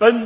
Pan